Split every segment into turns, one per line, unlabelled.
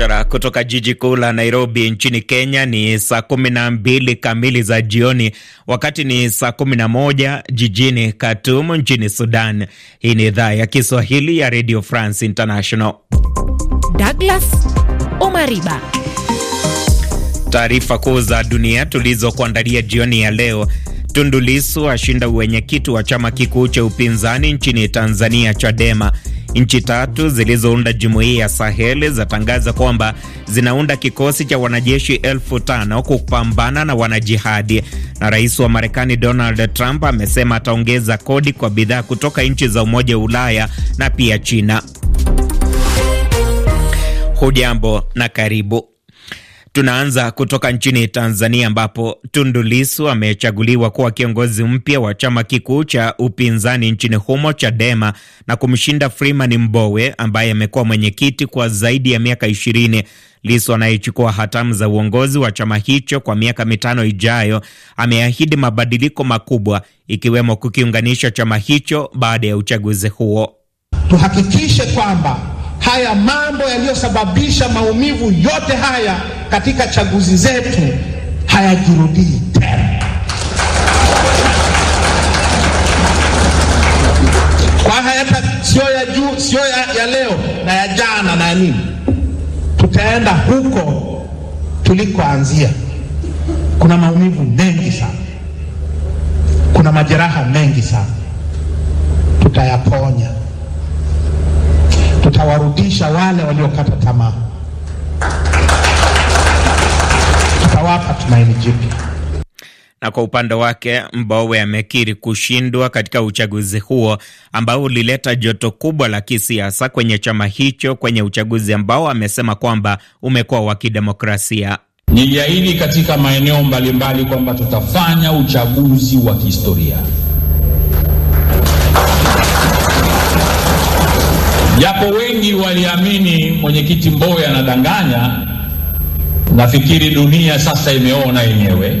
mubashara kutoka jiji kuu la Nairobi nchini Kenya. Ni saa kumi na mbili kamili za jioni, wakati ni saa kumi na moja jijini Khartoum nchini Sudan. Hii ni idhaa ya Kiswahili ya Radio France International.
Douglas Omariba,
taarifa kuu za dunia tulizokuandalia jioni ya leo. Tundu Lissu ashinda uwenyekiti wa chama kikuu cha upinzani nchini Tanzania, Chadema. Nchi tatu zilizounda jumuiya ya Sahel zatangaza kwamba zinaunda kikosi cha wanajeshi elfu tano kupambana na wanajihadi. Na rais wa Marekani Donald Trump amesema ataongeza kodi kwa bidhaa kutoka nchi za Umoja wa Ulaya na pia China. Hujambo na karibu. Tunaanza kutoka nchini Tanzania ambapo Tundu Lissu amechaguliwa kuwa kiongozi mpya wa chama kikuu cha upinzani nchini humo Chadema na kumshinda Freeman Mbowe ambaye amekuwa mwenyekiti kwa zaidi ya miaka ishirini. Lissu anayechukua hatamu za uongozi wa chama hicho kwa miaka mitano ijayo ameahidi mabadiliko makubwa ikiwemo kukiunganisha chama hicho baada ya uchaguzi huo. Tuhakikishe kwamba haya mambo yaliyosababisha maumivu yote haya katika chaguzi zetu hayajirudii tena. Kwa hata sio ya juu, sio ya, ya leo na ya jana na nini, tutaenda huko tulikoanzia. Kuna maumivu mengi sana, kuna majeraha mengi sana, tutayaponya tutawarudisha wale waliokata tamaa, tutawapa tumaini jipya. Na kwa upande wake Mbowe amekiri kushindwa katika uchaguzi huo ambao ulileta joto kubwa la kisiasa kwenye chama hicho kwenye uchaguzi ambao amesema kwamba umekuwa wa kidemokrasia. Niliahidi katika maeneo mbalimbali kwamba tutafanya uchaguzi wa kihistoria Japo wengi waliamini mwenyekiti Mbowe anadanganya, nafikiri dunia sasa imeona yenyewe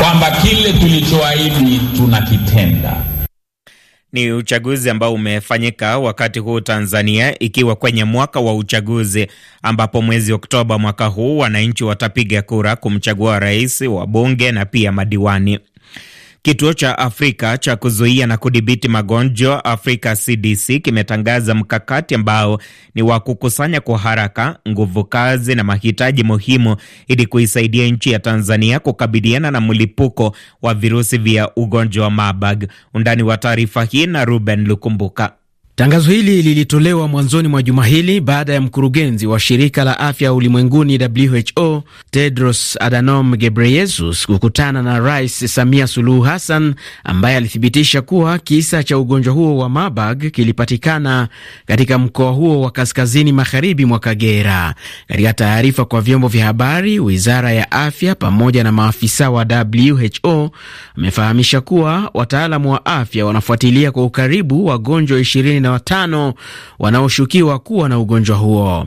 kwamba kile tulichoahidi tunakitenda. Ni uchaguzi ambao umefanyika wakati huu Tanzania ikiwa kwenye mwaka wa uchaguzi, ambapo mwezi Oktoba mwaka huu wananchi watapiga kura kumchagua rais, wabunge na pia madiwani. Kituo cha Afrika cha kuzuia na kudhibiti magonjwa Afrika CDC kimetangaza mkakati ambao ni wa kukusanya kwa haraka nguvu kazi na mahitaji muhimu ili kuisaidia nchi ya Tanzania kukabiliana na mlipuko wa virusi vya ugonjwa wa Marburg. Undani wa taarifa hii na Ruben Lukumbuka. Tangazo hili lilitolewa mwanzoni mwa juma hili baada ya mkurugenzi wa shirika la afya ulimwenguni WHO Tedros Adhanom Ghebreyesus kukutana na Rais Samia Suluhu Hassan ambaye alithibitisha kuwa kisa cha ugonjwa huo wa Marburg kilipatikana katika mkoa huo wa kaskazini magharibi mwa Kagera. Katika taarifa kwa vyombo vya habari, wizara ya afya pamoja na maafisa wa WHO amefahamisha kuwa wataalamu wa afya wanafuatilia kwa ukaribu wagonjwa ishirini na watano wanaoshukiwa kuwa na ugonjwa huo.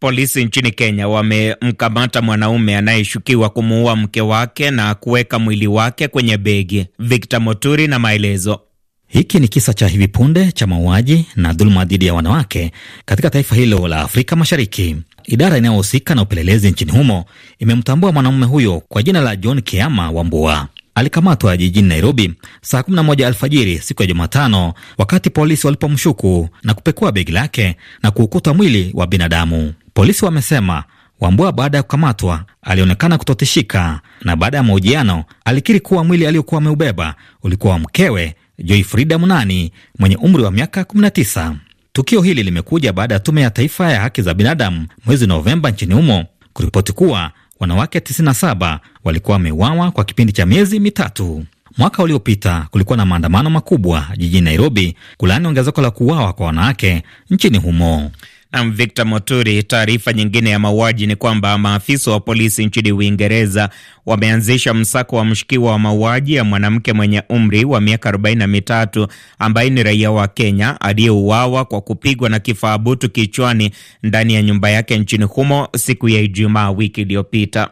Polisi nchini Kenya wamemkamata mwanaume anayeshukiwa kumuua mke wake na kuweka mwili wake kwenye begi. Victor Moturi na maelezo. Hiki ni kisa cha hivi punde cha mauaji na dhuluma dhidi ya wanawake katika taifa hilo la Afrika Mashariki. Idara inayohusika na upelelezi nchini humo imemtambua mwanamume huyo kwa jina la John Kiama Wambua alikamatwa jijini Nairobi saa 11 alfajiri siku ya Jumatano wakati polisi walipomshuku na kupekua begi lake na kuukuta mwili wa binadamu. Polisi wamesema Wambua baada ya kukamatwa alionekana kutotishika na baada ya mahojiano alikiri kuwa mwili aliyokuwa ameubeba ulikuwa wa mkewe Joy Frida Munani mwenye umri wa miaka 19. Tukio hili limekuja baada ya tume ya taifa ya haki za binadamu mwezi Novemba nchini humo kuripoti kuwa wanawake 97 walikuwa wameuawa kwa kipindi cha miezi mitatu. Mwaka uliopita kulikuwa na maandamano makubwa jijini Nairobi kulaani ongezeko la kuuawa kwa wanawake nchini humo. Na Victor Moturi, taarifa nyingine ya mauaji ni kwamba maafisa wa polisi nchini Uingereza wameanzisha msako wa mshukiwa wa mauaji ya mwanamke mwenye umri wa miaka arobaini na mitatu ambaye ni raia wa Kenya aliyeuawa kwa kupigwa na kifaa butu kichwani ndani ya nyumba yake nchini humo siku ya Ijumaa wiki iliyopita.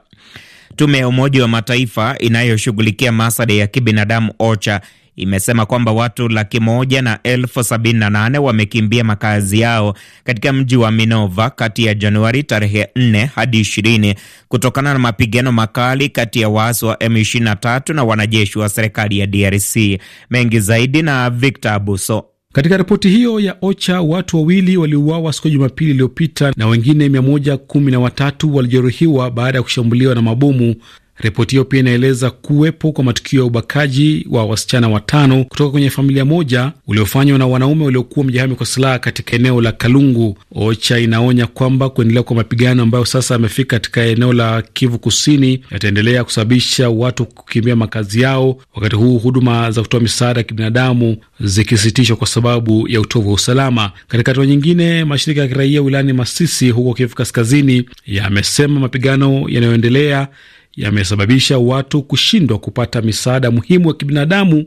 Tume ya Umoja wa Mataifa inayoshughulikia masuala ya kibinadamu OCHA imesema kwamba watu laki moja na elfu sabini na nane wamekimbia makazi yao katika mji wa Minova kati ya Januari tarehe 4 hadi 20 kutokana na mapigano makali kati ya waasi wa M23 na wanajeshi wa serikali ya DRC. Mengi zaidi na Victor Abuso. Katika ripoti hiyo ya OCHA watu wawili waliuawa siku ya Jumapili iliyopita na wengine 113 walijeruhiwa baada ya kushambuliwa na mabomu Ripoti hiyo pia inaeleza kuwepo kwa matukio ya ubakaji wa wasichana watano kutoka kwenye familia moja uliofanywa na wanaume waliokuwa mjihami kwa silaha katika eneo la Kalungu. OCHA inaonya kwamba kuendelea kwa mapigano ambayo sasa yamefika katika eneo la Kivu Kusini yataendelea kusababisha watu kukimbia makazi yao, wakati huu huduma za kutoa misaada ya kibinadamu zikisitishwa kwa sababu ya utovu wa usalama. Katika hatua nyingine, mashirika ya kiraia wilayani Masisi huko Kivu Kaskazini yamesema mapigano yanayoendelea yamesababisha watu kushindwa kupata misaada muhimu ya kibinadamu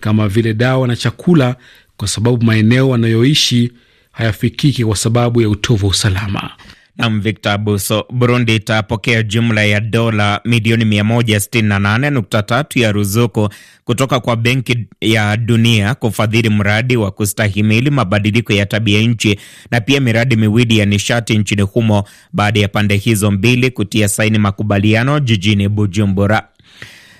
kama vile dawa na chakula, kwa sababu maeneo wanayoishi hayafikiki kwa sababu ya utovu wa usalama na Victor Buso. Burundi itapokea jumla ya dola milioni 168.3 ya ruzuku kutoka kwa Benki ya Dunia kufadhili mradi wa kustahimili mabadiliko ya tabia nchi na pia miradi miwili ya nishati nchini humo baada ya pande hizo mbili kutia saini makubaliano jijini Bujumbura.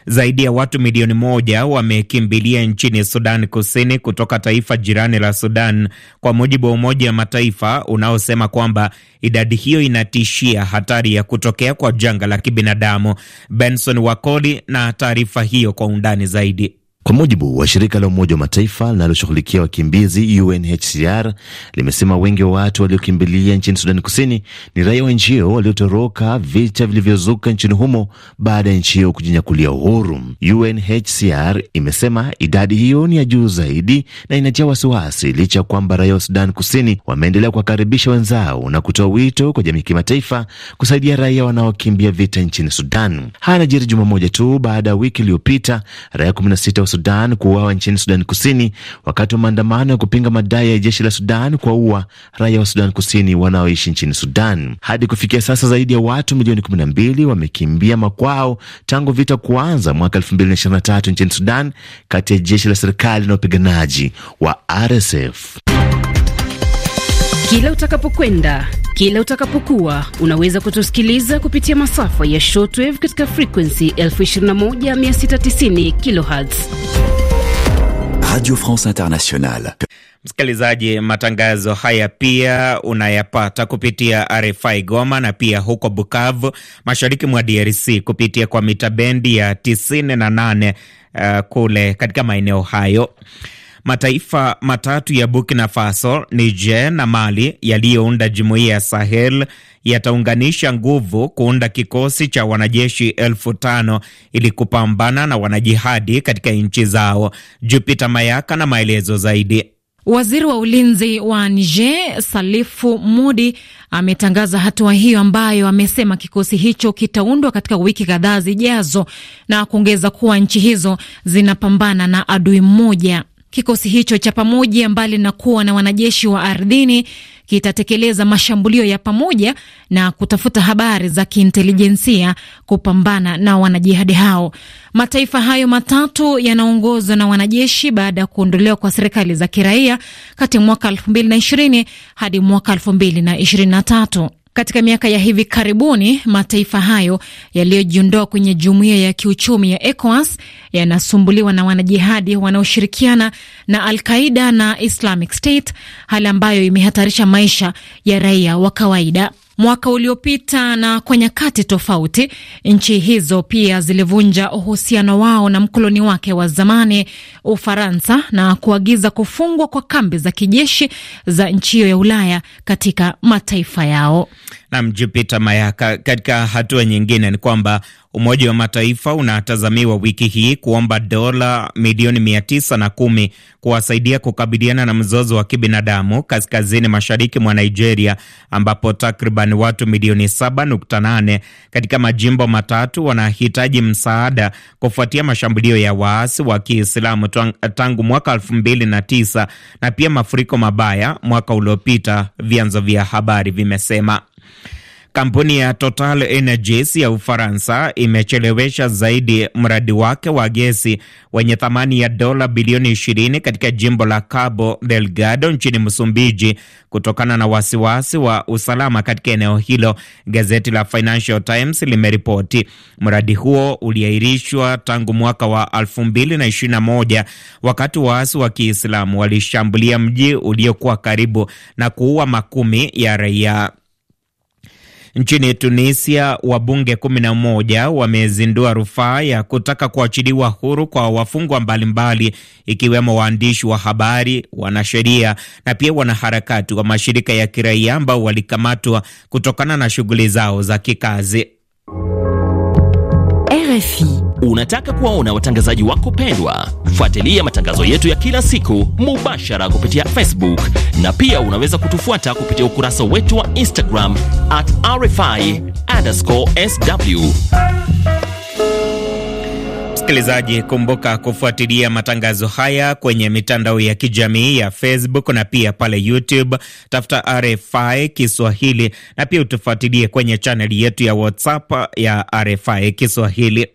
Zaidi ya watu milioni moja wamekimbilia nchini Sudan Kusini kutoka taifa jirani la Sudan, kwa mujibu wa Umoja wa Mataifa unaosema kwamba idadi hiyo inatishia hatari ya kutokea kwa janga la kibinadamu. Benson Wakoli na taarifa hiyo kwa undani zaidi. Kwa mujibu wa shirika la Umoja wa Mataifa linaloshughulikia wakimbizi UNHCR limesema wengi wa watu waliokimbilia nchini Sudani Kusini ni raia wa nchi hiyo waliotoroka vita vilivyozuka nchini humo baada ya nchi hiyo kujinyakulia uhuru. UNHCR imesema idadi hiyo ni ya juu zaidi na inatia wasiwasi, licha ya kwamba raia wa Sudani Kusini wameendelea kuwakaribisha wenzao na kutoa wito kwa jamii kimataifa kusaidia raia wanaokimbia vita nchini Sudan. Haya yanajiri juma moja tu baada ya wiki iliyopita raia 16 Sudan kuuawa nchini Sudan Kusini wakati wa maandamano ya kupinga madai ya jeshi la Sudan kuwaua raia wa Sudan Kusini wanaoishi nchini Sudan. Hadi kufikia sasa zaidi ya watu milioni 12 wamekimbia makwao tangu vita kuanza mwaka 2023 nchini Sudan kati ya jeshi la serikali na wapiganaji wa RSF.
Kila utakapokwenda, kila utakapokuwa, unaweza kutusikiliza kupitia masafa ya shortwave katika frequency 21690 kHz.
Radio France Internationale. Msikilizaji, matangazo haya pia unayapata kupitia RFI Goma na pia huko Bukavu, mashariki mwa DRC, kupitia kwa mita bendi ya 98 uh, eh, kule katika maeneo hayo. Mataifa matatu ya Burkina Faso, Niger na Mali yaliyounda jumuiya ya Sahel yataunganisha nguvu kuunda kikosi cha wanajeshi elfu tano ili kupambana na wanajihadi katika nchi zao. Jupita Mayaka na maelezo zaidi.
Waziri wa ulinzi wa Niger Salifu Mudi ametangaza hatua hiyo ambayo amesema kikosi hicho kitaundwa katika wiki kadhaa zijazo, na kuongeza kuwa nchi hizo zinapambana na adui mmoja. Kikosi hicho cha pamoja, mbali na kuwa na wanajeshi wa ardhini, kitatekeleza mashambulio ya pamoja na kutafuta habari za kiintelijensia kupambana na wanajihadi hao. Mataifa hayo matatu yanaongozwa na wanajeshi baada ya kuondolewa kwa serikali za kiraia kati ya mwaka 2020 hadi mwaka 2023. Katika miaka ya hivi karibuni, mataifa hayo yaliyojiondoa kwenye jumuiya ya kiuchumi ya ECOWAS yanasumbuliwa na wanajihadi wanaoshirikiana na Al-Qaida na Islamic State, hali ambayo imehatarisha maisha ya raia wa kawaida mwaka uliopita, na kwa nyakati tofauti nchi hizo pia zilivunja uhusiano wao na mkoloni wake wa zamani Ufaransa na kuagiza kufungwa kwa kambi za kijeshi za nchi hiyo ya Ulaya katika mataifa yao.
Nam Jupiter Mayaka. Katika hatua nyingine ni kwamba Umoja wa Mataifa unatazamiwa wiki hii kuomba dola milioni mia tisa na kumi kuwasaidia kukabiliana na mzozo wa kibinadamu kaskazini mashariki mwa Nigeria, ambapo takriban watu milioni 7.8 katika majimbo matatu wanahitaji msaada kufuatia mashambulio ya waasi wa Kiislamu tangu mwaka 2009 na pia mafuriko mabaya mwaka uliopita, vyanzo vya habari vimesema. Kampuni ya Total Energies ya Ufaransa imechelewesha zaidi mradi wake wa gesi wenye thamani ya dola bilioni 20 katika jimbo la Cabo Delgado nchini Msumbiji kutokana na wasiwasi wa usalama katika eneo hilo, gazeti la Financial Times limeripoti. Mradi huo uliahirishwa tangu mwaka wa 2021 wakati waasi wa Kiislamu walishambulia mji uliokuwa karibu na kuua makumi ya raia. Nchini Tunisia, wabunge 11 wamezindua rufaa ya kutaka kuachiliwa huru kwa wafungwa mbalimbali, ikiwemo waandishi wa habari, wanasheria na pia wanaharakati wa mashirika ya kiraia ambao walikamatwa kutokana na shughuli zao za kikazi. RFI. Unataka kuwaona watangazaji wako pendwa? Fuatilia matangazo yetu ya kila siku mubashara kupitia Facebook na pia unaweza kutufuata kupitia ukurasa wetu wa Instagram at RFI underscore sw. Msikilizaji, kumbuka kufuatilia matangazo haya kwenye mitandao ya kijamii ya Facebook na pia pale YouTube, tafuta RFI Kiswahili na pia utufuatilie kwenye chaneli yetu ya WhatsApp ya RFI Kiswahili.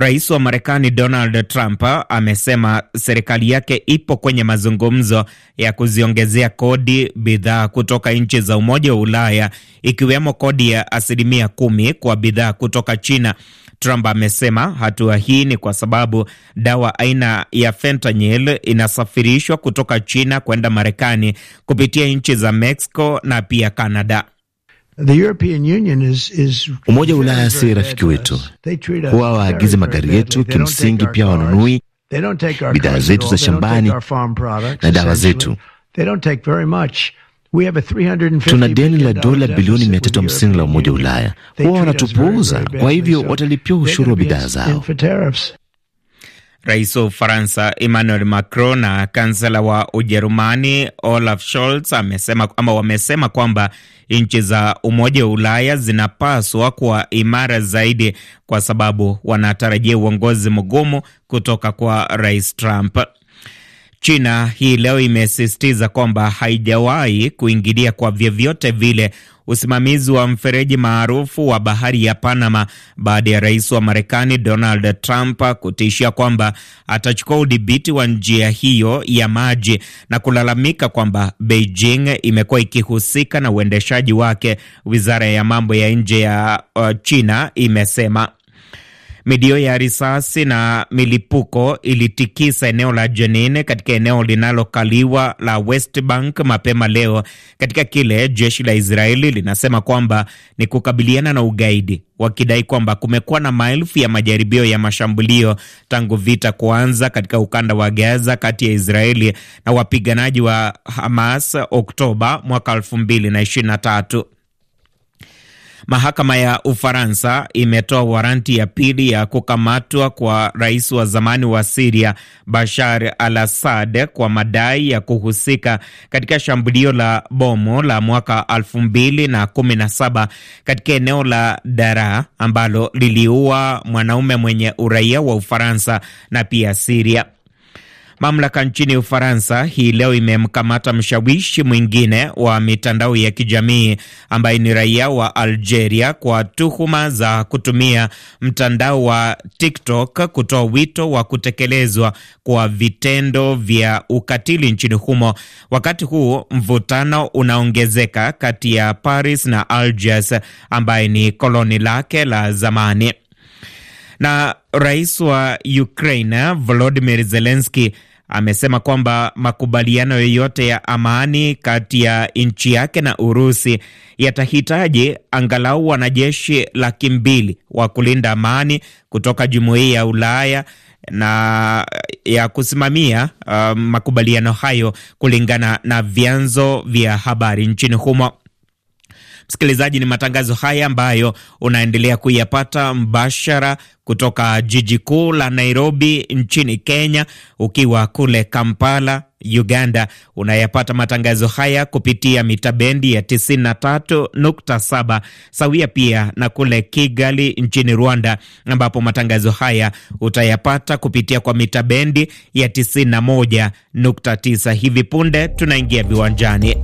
Rais wa Marekani Donald Trump amesema serikali yake ipo kwenye mazungumzo ya kuziongezea kodi bidhaa kutoka nchi za Umoja wa Ulaya, ikiwemo kodi ya asilimia kumi kwa bidhaa kutoka China. Trump amesema hatua hii ni kwa sababu dawa aina ya fentanyl inasafirishwa kutoka China kwenda Marekani kupitia nchi za Mexico na pia Canada. Umoja wa Ulaya si rafiki wetu,
huwa waagize magari yetu, kimsingi pia wanunui bidhaa zetu za shambani na dawa zetu. Tuna deni la dola bilioni 350 la Umoja wa Ulaya, huwa wanatupuuza. Kwa hivyo watalipia ushuru wa bidhaa zao.
Rais wa Ufaransa Emmanuel Macron na kansela wa Ujerumani Olaf Scholz amesema, ama wamesema kwamba nchi za Umoja wa Ulaya zinapaswa kuwa imara zaidi, kwa sababu wanatarajia uongozi mgumu kutoka kwa Rais Trump. China hii leo imesisitiza kwamba haijawahi kuingilia kwa vyovyote vile usimamizi wa mfereji maarufu wa bahari ya Panama baada ya rais wa Marekani Donald Trump kutishia kwamba atachukua udhibiti wa njia hiyo ya maji na kulalamika kwamba Beijing imekuwa ikihusika na uendeshaji wake, wizara ya mambo ya nje ya uh, China imesema. Milio ya risasi na milipuko ilitikisa eneo la Jenin katika eneo linalokaliwa la West Bank mapema leo katika kile jeshi la Israeli linasema kwamba ni kukabiliana na ugaidi, wakidai kwamba kumekuwa na maelfu ya majaribio ya mashambulio tangu vita kuanza katika ukanda wa Gaza kati ya Israeli na wapiganaji wa Hamas Oktoba mwaka 2023. Mahakama ya Ufaransa imetoa waranti ya pili ya kukamatwa kwa rais wa zamani wa Siria Bashar al Assad kwa madai ya kuhusika katika shambulio la bomo la mwaka 2017 katika eneo la dara ambalo liliua mwanaume mwenye uraia wa Ufaransa na pia Siria. Mamlaka nchini Ufaransa hii leo imemkamata mshawishi mwingine wa mitandao ya kijamii ambaye ni raia wa Algeria kwa tuhuma za kutumia mtandao wa TikTok kutoa wito wa kutekelezwa kwa vitendo vya ukatili nchini humo, wakati huu mvutano unaongezeka kati ya Paris na Algiers ambaye ni koloni lake la zamani. Na rais wa Ukraine Volodymyr Zelensky amesema kwamba makubaliano yoyote ya amani kati ya nchi yake na Urusi yatahitaji angalau wanajeshi laki mbili wa kulinda amani kutoka jumuiya ya Ulaya na ya kusimamia uh, makubaliano hayo kulingana na vyanzo vya habari nchini humo. Msikilizaji, ni matangazo haya ambayo unaendelea kuyapata mbashara kutoka jiji kuu la Nairobi nchini Kenya. Ukiwa kule Kampala Uganda unayapata matangazo haya kupitia mita bendi ya 93.7 sawia, pia na kule Kigali nchini Rwanda, ambapo matangazo haya utayapata kupitia kwa mita bendi ya 91.9. Hivi punde tunaingia viwanjani.